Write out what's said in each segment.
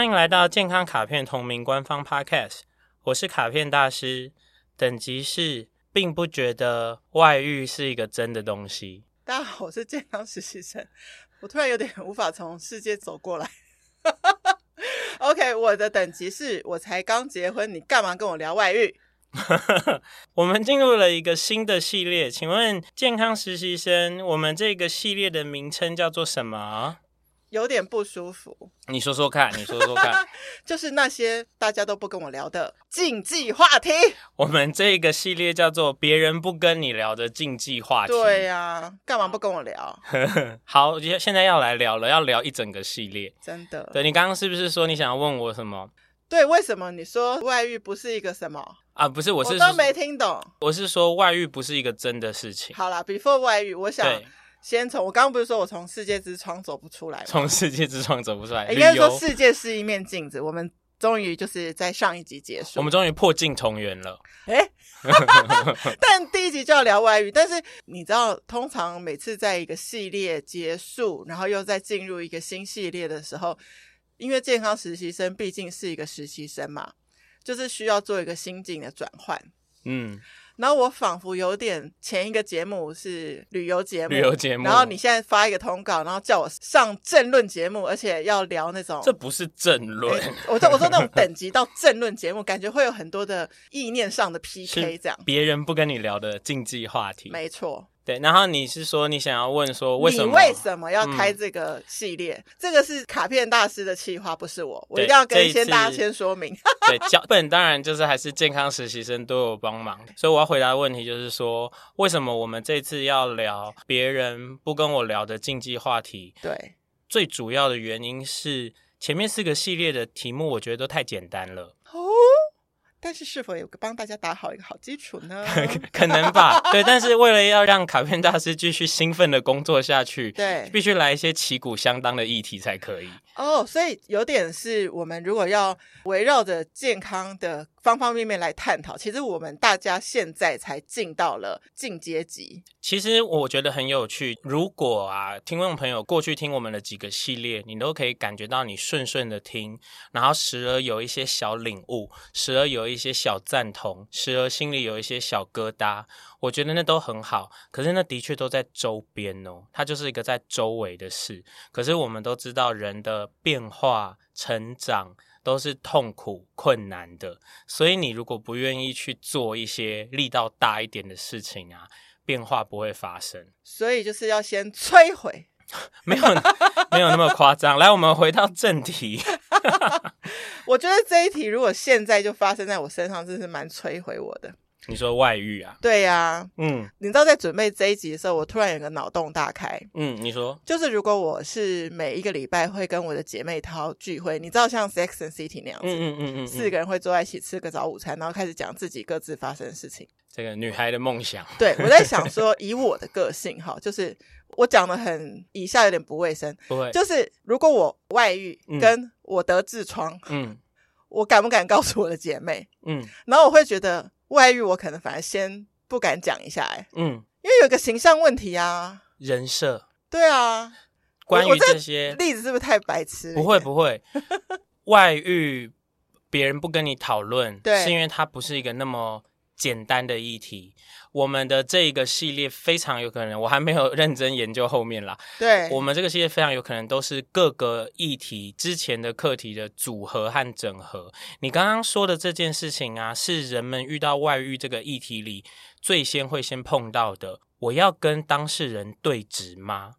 歡迎來到健康卡片同名官方 Podcast，我是卡片大師，等級是並不覺得外遇是一個真的東西。大家好，我是健康實習生，我突然有點無法從世界走過來。 OK，我的等級是，我才剛結婚，你幹嘛跟我聊外遇？ 我們進入了一個新的系列，請問健康實習生，我們這個系列的名稱叫做什麼？有點不舒服，你說說看，你說說看， 就是那些大家都不跟我聊的禁忌話題。我們這個系列叫做“別人不跟你聊的禁忌話題”對啊。對呀，幹嘛不跟我聊？ 好，現在要來聊了，要聊一整個系列。真的？對，你剛剛是不是說你想要問我什麼？對，為什麼你說外遇不是一個什麼？啊，不是，我是，我都沒聽懂。我是說外遇不是一個真的事情。好啦，Before 外遇，我想。先從我剛剛不是說我從世、世界之窗走不出來，從世界之窗走不出來。應該說世界是一面鏡子，歐我們終於就是在上一集結束，我們終於破鏡重圓了。哎，但第一集就要聊外遇，但是你知道，通常每次在一個系列結束，然後又再進入一個新系列的時候，因為健康實習生畢竟是一個實習生嘛，就是需要做一個心境的轉換。嗯。然後我仿佛有點前一個節目是旅遊節目，旅遊節目。然後你現在發一個通告，然後叫我上政論節目，而且要聊那種這不是政論，欸、我說我說那種等級到政論節目， 感覺會有很多的意念上的 PK。這樣別人不跟你聊的禁忌話題，沒錯。對，然後你是說你想要問說為什麼你為什麼要開這個系列？嗯、這個是卡片大師的企劃，不是我，我一定要跟先大家先說明。對，腳 本當然就是還是健康實習生都有幫忙，所以我要回答的問題就是說，為什麼我們這次要聊別人不跟我聊的禁忌話題？對，最主要的原因是前面四個系列的題目，我覺得都太簡單了。但是是否有個幫大家打好一個好基礎呢？可能吧。 對，但是為了要讓卡片大師繼續興奮的工作下去， 對，必須來一些旗鼓相當的議題才可以。哦，oh, 所以有點是我們如果要圍繞着健康的方方面面來探討，其實我們大家現在才進到了進階級。其實我覺得很有趣，如果啊，聽眾朋友過去聽我們的幾個系列，你都可以感覺到你順順的聽，然後時而有一些小領悟，時而有一些小贊同，時而心裡有一些小疙瘩，我覺得那都很好。可是那的確都在周邊哦，它就是一個在周圍的事。可是我們都知道人的。變化、成長都是痛苦、困難的，所以你如果不願意去做一些力道大一點的事情啊，變化不會發生。所以就是要先摧毀， 沒有沒有那麼誇張。 來，我們回到正題。 我覺得這一題如果現在就發生在我身上，真是蠻摧毀我的。你說外遇啊？對呀、啊，嗯，你知道在準備這一集的時候，我突然有個腦洞大開。嗯，你說，就是如果我是每一個禮拜會跟我的姐妹淘聚會，你知道像 Sex and City 那樣子，嗯嗯嗯嗯，嗯嗯嗯四個人會坐在一起吃個早午餐，然後開始講自己各自發生的事情。這個女孩的夢想。對，我在想說，以我的個性哈， 就是我講的很以下有點不衛生，不會，就是如果我外遇，跟我得痔瘡，嗯，我敢不敢告訴我的姐妹？嗯，然後我會覺得。外遇我可能反而先不敢講一下哎、欸，嗯，因為有一個形象問題啊，人設設，對啊，關於這些這例子是不是太白癡？不會不會， 外遇別人不跟你討論，對是因為他不是一個那麼簡單的議題，我們的這個系列非常有可能，我還沒有認真研究後面啦。對，我們這個系列非常有可能都是各個議題之前的課題的組合和整合。你剛剛說的這件事情啊，是人們遇到外遇這個議題裡最先會先碰到的。我要跟當事人對質嗎？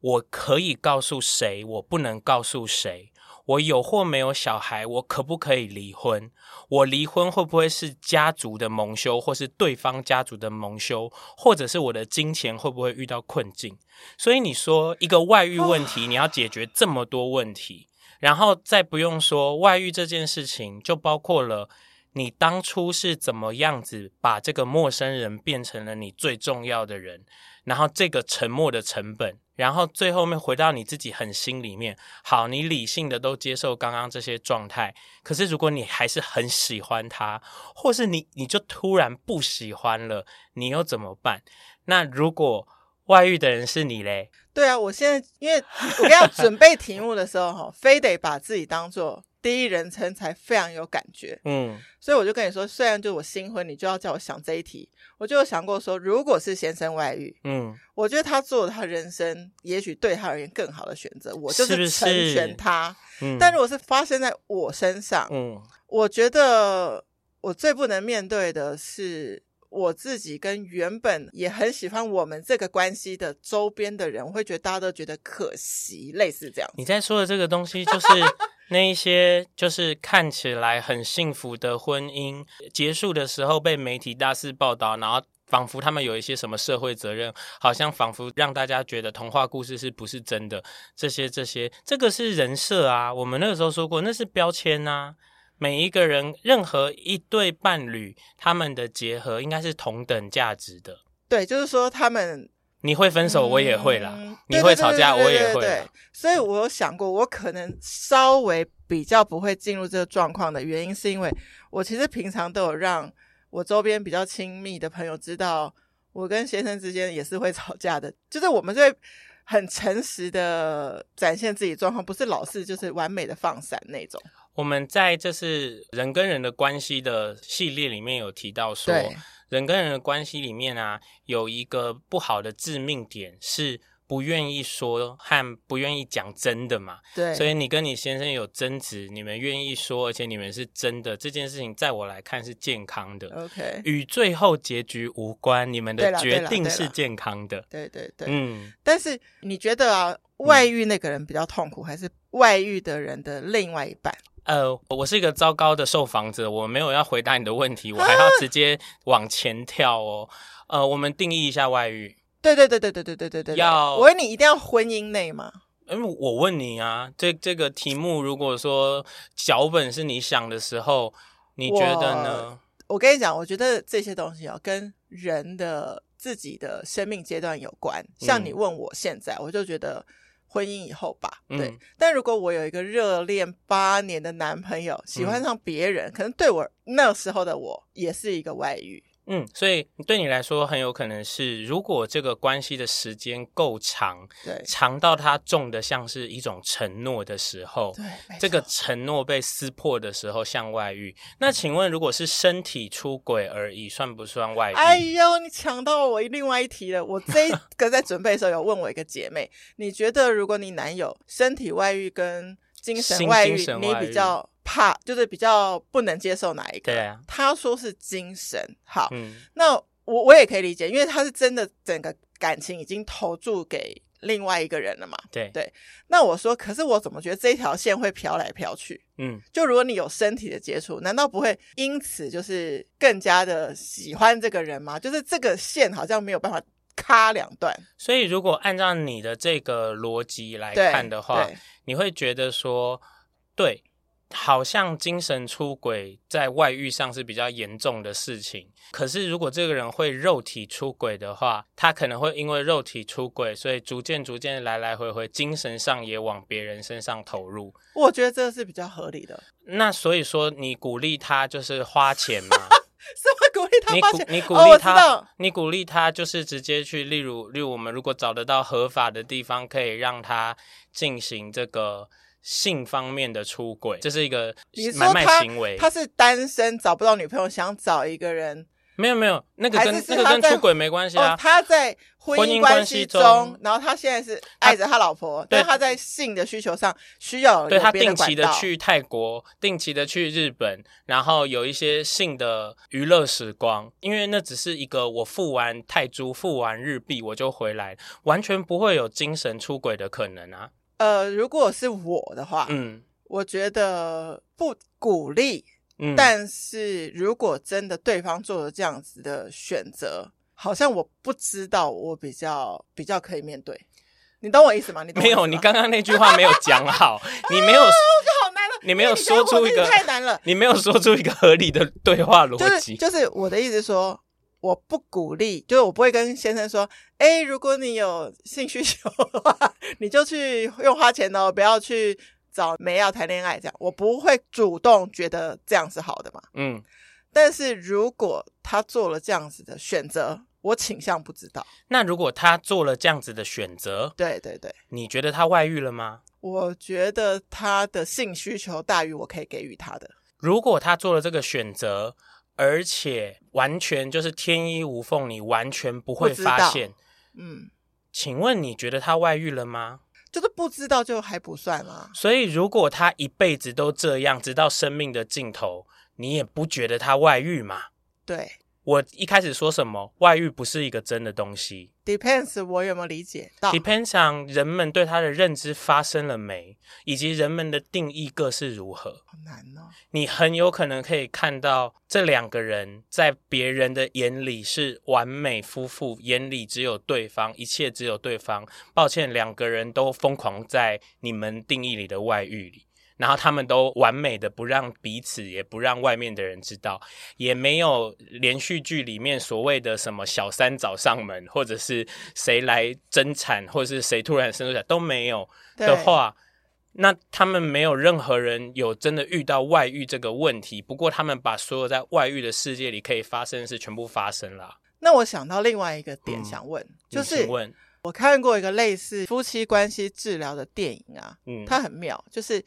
我可以告訴誰？我不能告訴誰？我有或沒有小孩，我可不可以離婚？我離婚會不會是家族的蒙羞，或是對方家族的蒙羞，或者是我的金錢會不會遇到困境？所以你說一個外遇問題，你要解決這麼多問題，然後再不用說外遇這件事情，就包括了你當初是怎麼樣子把這個陌生人變成了你最重要的人。然後這個沉默的成本，然後最後面回到你自己很心裡面，好，你理性的都接受剛剛這些狀態。可是如果你還是很喜歡他，或是你你就突然不喜歡了，你又怎麼辦？那如果外遇的人是你嘞？對啊，我現在因為我要準備題目的時候，哈， 非得把自己當做。第一人稱才非常有感覺，嗯，所以我就跟你說，雖然就我新婚，你就要叫我想這一題，我就有想過說，如果是先生外遇，嗯，我覺得他做他人生，也許對他而言更好的選擇，我就是成全他，是是。但如果是發生在我身上，嗯，我覺得我最不能面對的是我自己跟原本也很喜歡我們這個關係的周邊的人，我會覺得大家都覺得可惜，類似這樣。你在說的這個東西就是。 那一些就是看起來很幸福的婚姻，結束的時候被媒體大肆報道，然後仿佛他們有一些什麼社會責任，好像仿佛讓大家覺得童話故事是不是真的？這些這些，這個是人設啊。我們那個時候說過，那是標籤啊。每一個人，任何一對伴侶，他們的結合應該是同等價值的。對，就是說他們。你會分手，我也會啦。嗯、你會吵架，我也會。對，所以我有想過，我可能稍微比較不會進入這個狀況的原因，是因為我其實平常都有讓我周邊比較親密的朋友知道，我跟先生之間也是會吵架的。就是我們會很誠實的展現自己的狀況，不是老是就是完美的放閃那種。我們在這次人跟人的關係的系列裡面有提到說，對人跟人的關係裡面啊，有一個不好的致命點是不願意說和不願意講真的嘛。對。所以你跟你先生有爭執，你們願意說，而且你們是真的，這件事情在我來看是健康的。OK。與最後結局無關，你們的決定是健康的。對對對,對對對。嗯。但是你覺得啊，外遇那個人比較痛苦，嗯、還是外遇的人的另外一半？呃，我是一個糟糕的受訪者，我沒有要回答你的問題，我還要直接往前跳哦。啊、呃，我們定義一下外遇。對對對對對對對對對要。要我問你，一定要婚姻內嗎？因為、呃、我問你啊，這這個題目，如果說腳本是你想的時候，你覺得呢？我，我跟你講，我覺得這些東西哦、啊，跟人的自己的生命階段有關。像你問我現在，嗯、我就覺得。婚姻以後吧，對。嗯、但如果我有一個熱戀八年的男朋友，喜歡上別人，嗯、可能對我，那時候的我也是一個外遇。嗯，所以對你來說很有可能是，如果這個關係的時間夠長，對，長到它重的像是一種承諾的時候，對，這個承諾被撕破的時候，像外遇。嗯、那請問，如果是身體出軌而已，嗯、算不算外遇？哎呦，你搶到我另外一題了。我這一個在準備的時候有問我一個姐妹， 你覺得如果你男友身體外遇跟精神外遇，外遇你比較？怕就是比較不能接受哪一個？對啊，他說是精神好。嗯，那我我也可以理解，因為他是真的整個感情已經投注給另外一個人了嘛。對對，那我說，可是我怎麼覺得這一條線會飄來飄去？嗯，就如果你有身體的接觸，難道不會因此就是更加的喜歡這個人嗎？就是這個線好像沒有辦法咔兩段。所以，如果按照你的這個邏輯來看的話，你會覺得說對。好像精神出軌在外遇上是比較嚴重的事情，可是如果這個人會肉體出軌的話，他可能會因為肉體出軌，所以逐漸逐漸來來回回，精神上也往別人身上投入。我覺得這是比較合理的。那所以說，你鼓勵他就是花錢嗎？ 是會鼓勵他花錢？你鼓勵他？你鼓勵他，哦，你鼓勵他就是直接去，例如，例如我們如果找得到合法的地方，可以讓他進行這個。性方面的出軌，這是一個買賣行為。他,他是單身找不到女朋友，想找一個人。沒有沒有，那個跟是是他那個跟出軌沒關係啊。哦，他在婚姻關係中，他然後他現在是愛着他老婆，他但他在性的需求上需要有有。對他定期的去泰國，定期的去日本，然後有一些性的娛樂時光。因為那只是一個我付完泰銖，付完日幣我就回來，完全不會有精神出軌的可能啊。呃，如果是我的話，嗯，我覺得不鼓勵。嗯，但是如果真的對方做了這樣子的選擇，好像我不知道，我比較比較可以面對。你懂我意思嗎？你沒有，你剛剛那句話沒有講好， 你沒有， 哎、你沒有說出一個、哎、太難了，你沒有說出一個合理的對話邏輯，就是、就是我的意思說。我不鼓勵，就是我不會跟先生說：“誒，如果你有性需求的話，你就去用花錢哦，不要去找沒要談戀愛。”這樣，我不會主動覺得這樣是好的嘛。嗯，但是如果他做了這樣子的選擇，我傾向不知道。那如果他做了這樣子的選擇，對對對，你覺得他外遇了嗎？我覺得他的性需求大於我可以給予他的。如果他做了這個選擇。而且完全就是天衣無縫，你完全不會發現。嗯，請問你覺得他外遇了嗎？就是不知道就還不算嗎？所以如果他一輩子都這樣，直到生命的盡頭，你也不覺得他外遇嘛？對。我一開始說什麼外遇不是一個真的東西，depends 我有沒有理解到？depends on 人們對它的認知發生了沒，以及人們的定義各是如何？好難呢、哦。你很有可能可以看到這兩個人在別人的眼裡是完美夫婦，眼裡只有對方，一切只有對方。抱歉，兩個人都瘋狂在你們定義裡的外遇裡。然後他們都完美的不讓彼此，也不讓外面的人知道，也沒有連續劇裡面所謂的什麼小三找上門，或者是誰來爭產，或者是誰突然生出來都沒有的話，對那他們沒有任何人有真的遇到外遇這個問題。不過他們把所有在外遇的世界裡可以發生的事全部發生了啊。那我想到另外一個點想問，嗯，就是我看過一個類似夫妻關係治療的電影啊，嗯，它很妙，就是。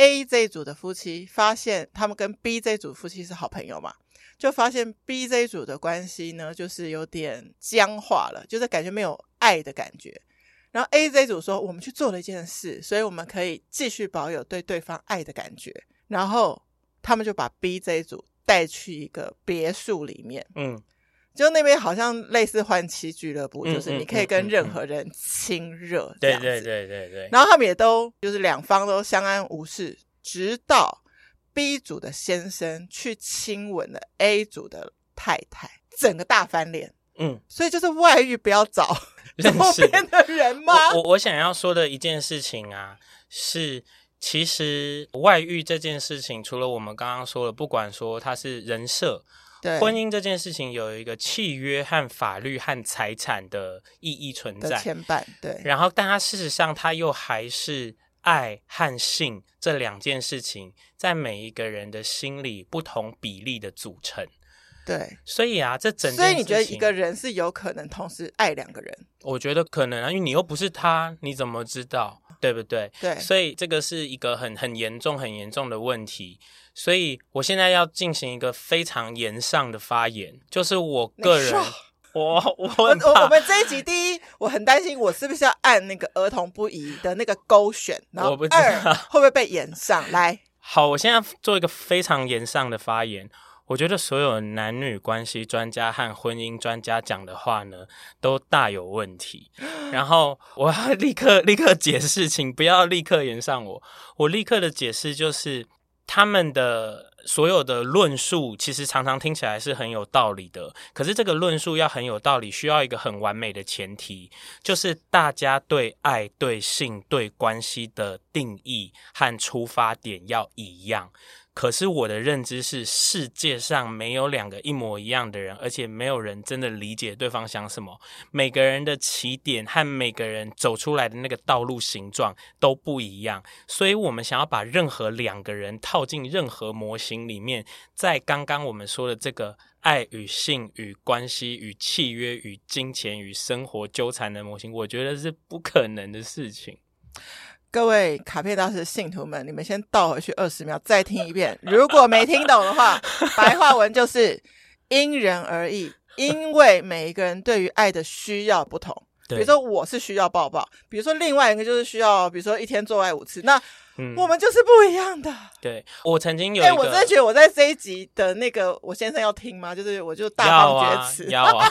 A 這組的夫妻發現他們跟 B 這組夫妻是好朋友嘛，就發現 B 這組的關係呢，就是有點僵化了，就是感覺沒有愛的感覺。然後 A 這組說，我們去做了一件事，所以我們可以繼續保有對對方愛的感覺。然後他們就把 B 這組帶去一個別墅裡面，嗯。就那邊好像類似換妻俱樂部，嗯嗯，就是你可以跟任何人親熱，對對對對對，對。然後他們也都就是兩方都相安無事，直到 B 組的先生去親吻了 A 組的太太，整個大翻臉。嗯，所以就是外遇不要找旁邊是的， 的人嗎？我我，我想要說的一件事情啊，是其實外遇這件事情，除了我們剛剛說的，不管說他是人設。對婚姻，這件事情有一個契約和法律和財產的意義存在牽絆，對。然後，但它事實上，它又還是愛和性這兩件事情，在每一個人的心裡不同比例的組成。對，所以啊，這整所以你覺得一個人是有可能同時愛兩個人？我覺得可能啊，因為你又不是他，你怎麼知道？對不對？對。所以這個是一個很很嚴重、很嚴重的問題。所以，我現在要進行一個非常炎上的發言，就是我個人，說我我我我，我們這一集第一，我很擔心我是不是要按那個兒童不宜的那個勾選，然後二會不會被炎上？來，好，我現在要做一個非常炎上的發言。我覺得所有男女關係專家和婚姻專家講的話呢，都大有問題。然後，我要立刻立刻解釋，請不要立刻炎上我。我立刻的解釋就是。他們的所有的論述，其實常常聽起來是很有道理的。可是，這個論述要很有道理，需要一個很完美的前提，就是大家對愛、對性、對關係的定義和出發點要一樣。可是我的認知是，世界上沒有兩個一模一樣的人，而且沒有人真的理解對方想什麼。每個人的起點和每個人走出來的那個道路形狀都不一樣，所以，我們想要把任何兩個人套進任何模型裡面，在剛剛我們說的這個愛與性，與關係，與契約，與金錢，與生活糾纏的模型，我覺得是不可能的事情。各位卡片大師信徒們，你們先倒回去二十秒，再聽一遍。如果沒聽懂的話， 白話文就是因人而異，因為每一個人對於愛的需要不同。對比如說，我是需要抱抱，比如說，另外一個就是需要，比如說一天做愛五次。那、嗯、我們就是不一樣的。對，我曾經有一，對、欸，我真的覺得我在這一集的那個我先生要聽嗎？就是我就大放厥詞。要啊，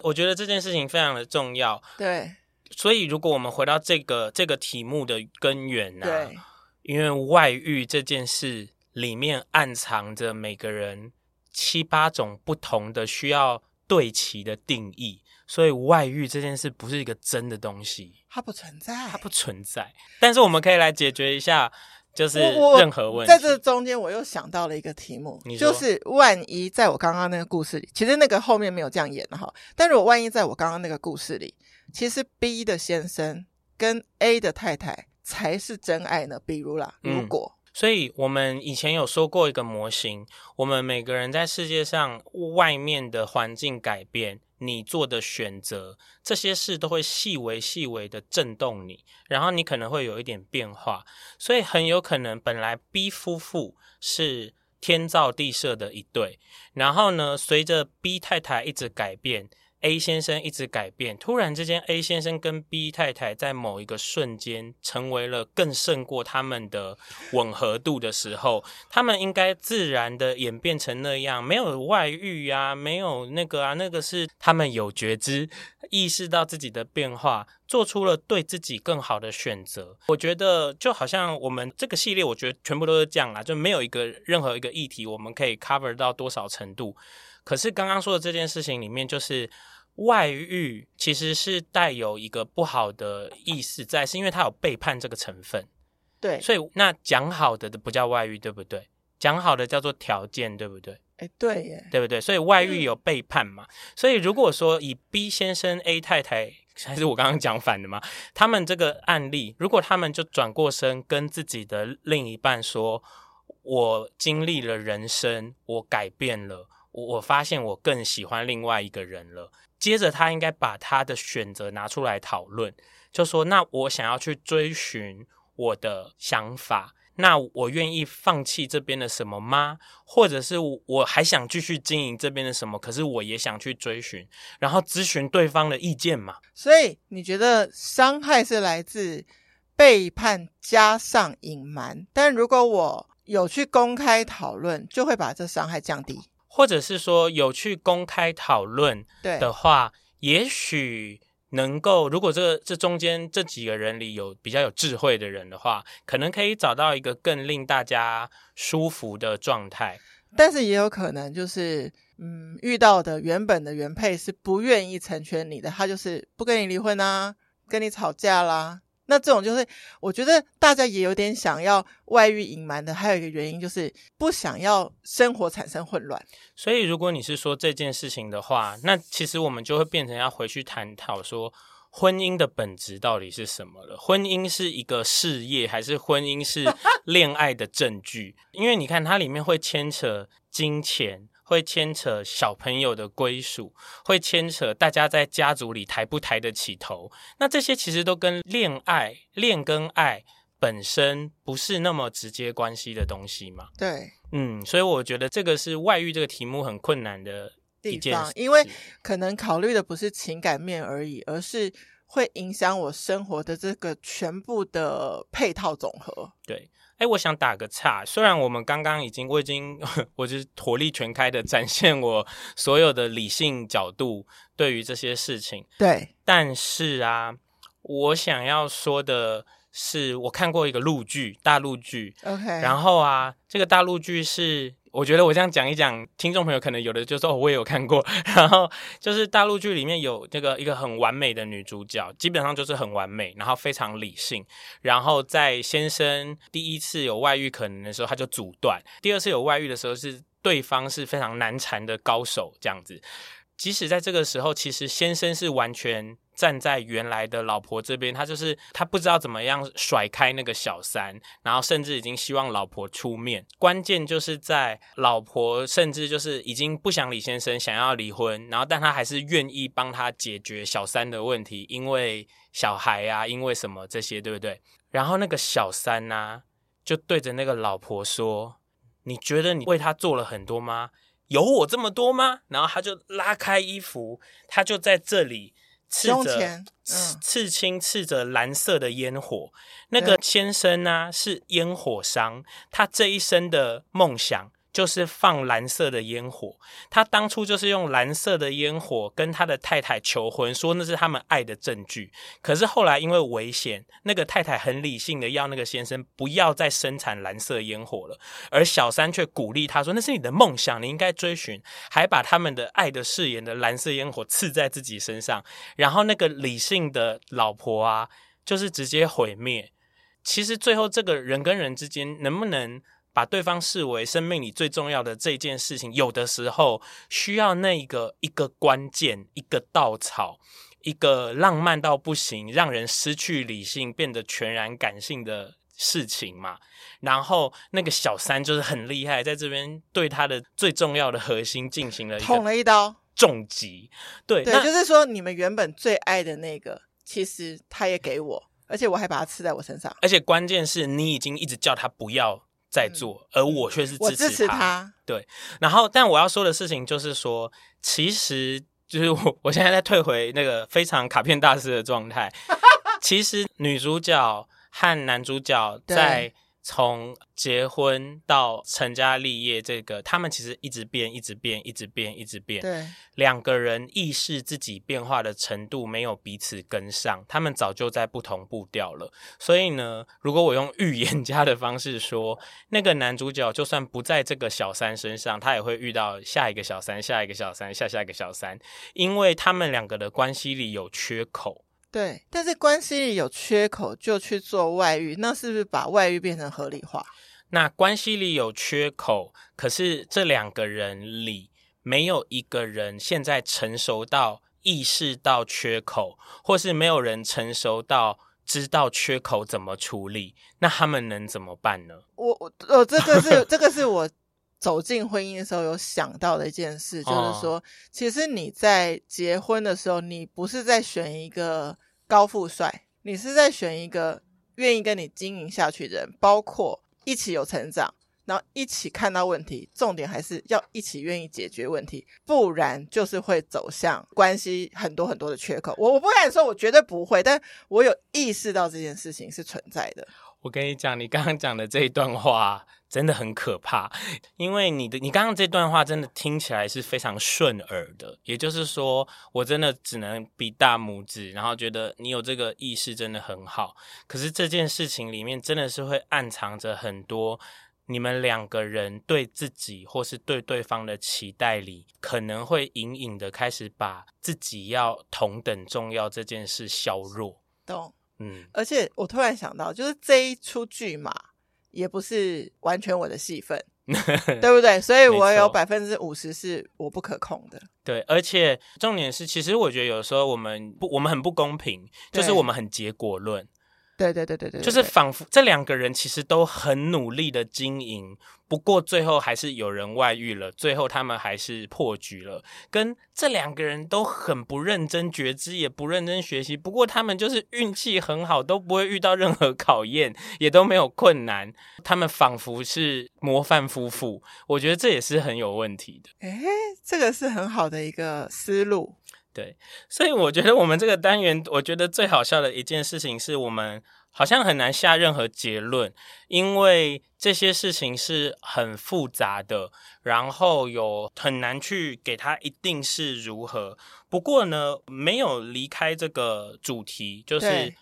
我覺得這件事情非常的重要。對。所以，如果我們回到這個這個題目的根源呢、啊？對。因為外遇這件事裡面暗藏着每個人七八種不同的需要對齊的定義，所以外遇這件事不是一個真的東西。它不存在。它不存在。但是我們可以來解決一下。就是任何問題，在這中間我又想到了一個題目，說就是萬一在我剛剛那個故事裡，其實那個後面沒有這樣演的哈。但如果萬一在我剛剛那個故事裡，其實 B 的先生跟 A 的太太才是真愛呢？比如啦，如果，嗯，所以我們以前有說過一個模型，我們每個人在世界上外面的環境改變你做的選擇，這些事都會細微細微的震動你，然後你可能會有一點變化，所以很有可能本來 B 夫婦是天造地設的一對，然後呢，隨着 B 太太一直改變。A 先生一直改變，突然之間，A 先生跟 B 太太在某一個瞬間成為了更勝過他們的吻合度的時候，他們應該自然的演變成那樣，沒有外遇啊，沒有那個啊，那個是他們有覺知，意識到自己的變化，做出了對自己更好的選擇。我覺得就好像我們這個系列，我覺得全部都是這樣啦，就沒有一個任何一個議題我們可以 cover 到多少程度。可是剛剛說的這件事情裡面，就是。外遇其實是帶有一個不好的意思在，是因為他有背叛這個成分。對，所以那講好的不叫外遇，對不對？講好的叫做條件，對不對？哎，對耶，對不對？所以外遇有背叛嘛？對所以如果說以 B 先生、A 太太，還是我剛剛講反的嘛，他們這個案例，如果他們就轉過身跟自己的另一半說：“我經歷了人生，我改變了，我我發現我更喜歡另外一個人了。”接着他應該把他的選擇拿出來討論，就說：“那我想要去追尋我的想法，那我願意放棄這邊的什麼嗎？或者是我還想繼續經營這邊的什麼？可是我也想去追尋，然後諮詢對方的意見嘛。”所以你覺得傷害是來自背叛加上隱瞞？但如果我有去公開討論，就會把這傷害降低。或者是說有去公開討論的話，對也許能夠，如果這這中間這幾個人裡有比較有智慧的人的話，可能可以找到一個更令大家舒服的狀態。但是也有可能就是，嗯，遇到的原本的原配是不願意成全你的，他就是不跟你離婚啊，跟你吵架啦。那這種就是，我覺得大家也有點想要外遇隱瞞的，還有一個原因就是不想要生活產生混亂。所以，如果你是說這件事情的話，那其實我們就會變成要回去探討說，婚姻的本質到底是什麼了？婚姻是一個事業，還是婚姻是戀愛的證據？ 因為你看它裡面會牽扯金錢。會牽扯小朋友的歸屬，會牽扯大家在家族裡抬不抬得起頭。那這些其實都跟戀愛、戀跟愛本身不是那麼直接關係的東西嘛？對，嗯，所以我覺得這個是外遇這個題目很困難的一件事地方，因為可能考慮的不是情感面而已，而是會影響我生活的這個全部的配套總和。對。哎，我想打個岔。雖然我們剛剛已經我已經，我就是火力全開的展現我所有的理性角度對於這些事情，對。但是啊，我想要說的是，我看過一個陸劇，大陸劇，OK。然後啊，這個大陸劇是。我覺得我這樣講一講，聽眾朋友可能有的就說、是、哦，我也有看過。然後就是大陸劇裡面有那個一個很完美的女主角，基本上就是很完美，然後非常理性。然後在先生第一次有外遇可能的時候，他就阻斷；第二次有外遇的時候，是對方是非常難纏的高手這樣子。即使在這個時候，其實先生是完全。站在原來的老婆這邊，他就是他不知道怎麼樣甩開那個小三，然後甚至已經希望老婆出面。關鍵就是在老婆，甚至就是已經不想李先生想要離婚，然後但他還是願意幫他解決小三的問題，因為小孩啊，因為什麼這些，對不對？然後那個小三呢、啊，就對着那個老婆說：“你覺得你為他做了很多嗎？有我這麼多嗎？”然後他就拉開衣服，他就在這裡。刺着，刺青刺着藍色的煙火。嗯、那個先生啊，對是煙火商，他這一生的夢想。就是放藍色的煙火，他當初就是用藍色的煙火跟他的太太求婚，說那是他們愛的證據。可是後來因為危險，那個太太很理性的要那個先生不要再生產藍色煙火了，而小三卻鼓勵他說那是你的夢想，你應該追尋，還把他們的愛的誓言的藍色煙火刺在自己身上。然後那個理性的老婆啊，就是直接毀滅。其實最後這個人跟人之間能不能把對方視為生命裡最重要的這件事情，有的時候需要那個一個關鍵、一個稻草、一個浪漫到不行，讓人失去理性、變得全然感性的事情嘛。然後那個小三就是很厲害，在這邊對他的最重要的核心進行了捅了一刀，重擊。對，也就是說你們原本最愛的那個，其實他也給我，而且我還把它刺在我身上。而且關鍵是你已經一直叫他不要。在做，而我卻是支持他。支持他。對，然後，但我要說的事情就是說，其實就是我，我現在在退回那個非常卡片大師的狀態。 其實女主角和男主角在。從結婚到成家立業，這個他們其實一直變，一直變，一直變，一直變。對，兩個人意識自己變化的程度沒有彼此跟上，他們早就在不同步調了。所以呢，如果我用預言家的方式說，那個男主角就算不在這個小三身上，他也會遇到下一個小三，下一個小三，下下一個小三，因為他們兩個的關係裡有缺口。對，但是關係裡有缺口就去做外遇，那是不是把外遇變成合理化？那關係裡有缺口，可是這兩個人裡沒有一個人現在成熟到意識到缺口，或是沒有人成熟到知道缺口怎麼處理，那他們能怎麼辦呢？我我，呃，這個是這個是我。 走進婚姻的時候，有想到的一件事，就是說，其實你在結婚的時候，你不是在選一個高富帥，你是在選一個願意跟你經營下去的人，包括一起有成長，然後一起看到問題，重點還是要一起願意解決問題，不然就是會走向關係很多很多的缺口。我我不敢說，我絕對不會，但我有意識到這件事情是存在的。我跟你講，你剛剛講的這一段話真的很可怕，因為你的你剛剛這段話真的聽起來是非常順耳的，也就是說，我真的只能比大拇指，然後覺得你有這個意識真的很好。可是這件事情裡面真的是會暗藏着很多，你們兩個人對自己或是對對方的期待裡，可能會隱隱的開始把自己要同等重要這件事削弱。懂。嗯，而且我突然想到，就是這一出劇嘛，也不是完全我的戲份， 對不對？所以我有百分之五十是我不可控的。對，而且重點是，其實我覺得有時候我們不，我們很不公平，對就是我們很結果論。對對對對對，對，就是仿佛這兩個人其實都很努力的經營，不過最後還是有人外遇了，最後他們還是破局了。跟這兩個人都很不認真覺知，也不認真學習，不過他們就是運氣很好，都不會遇到任何考驗，也都沒有困難。他們仿佛是模範夫婦，我覺得這也是很有問題的。誒，這個是很好的一個思路。對，所以我覺得我們這個單元，我覺得最好笑的一件事情是，我們好像很難下任何結論，因為這些事情是很複雜的，然後有很難去給他一定是如何。不過呢，沒有離開這個主題，就是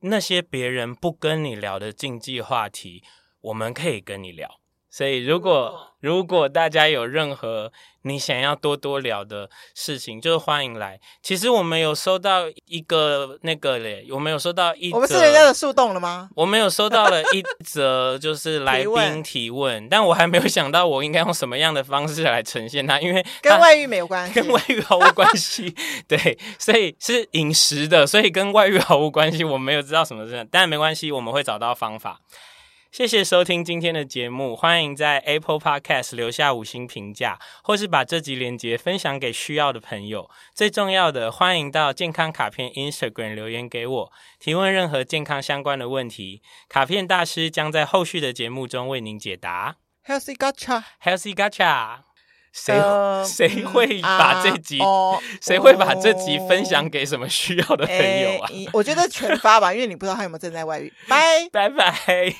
那些別人不跟你聊的禁忌話題，我們可以跟你聊。所以，如果如果大家有任何你想要多多聊的事情，就歡迎來。其實我們有收到一個那個嘞，我們有收到一，我們是人家的樹洞了嗎？ 我們有收到了一則，就是來賓提問，提問，但我還沒有想到我應該用什麼樣的方式來呈現它，因為跟外遇沒有關係，跟外遇毫無關係。對，所以是飲食的，所以跟外遇毫無關係。我沒有知道什麼真但沒關係，我們會找到方法。謝謝收聽今天的節目，歡迎在 Apple Podcast 留下五星評價，或是把這集連結分享給需要的朋友。最重要的，歡迎到健康卡片 Instagram 留言給我，提問任何健康相關的問題，卡片大師將在後續的節目中為您解答。Healthy Gacha，Healthy Gacha 誰 so, 誰會把這集 uh, uh, 誰會把這集分享給什麼需要的朋友啊？我覺得全發吧，因為你不知道他有沒有正在外遇。拜拜拜。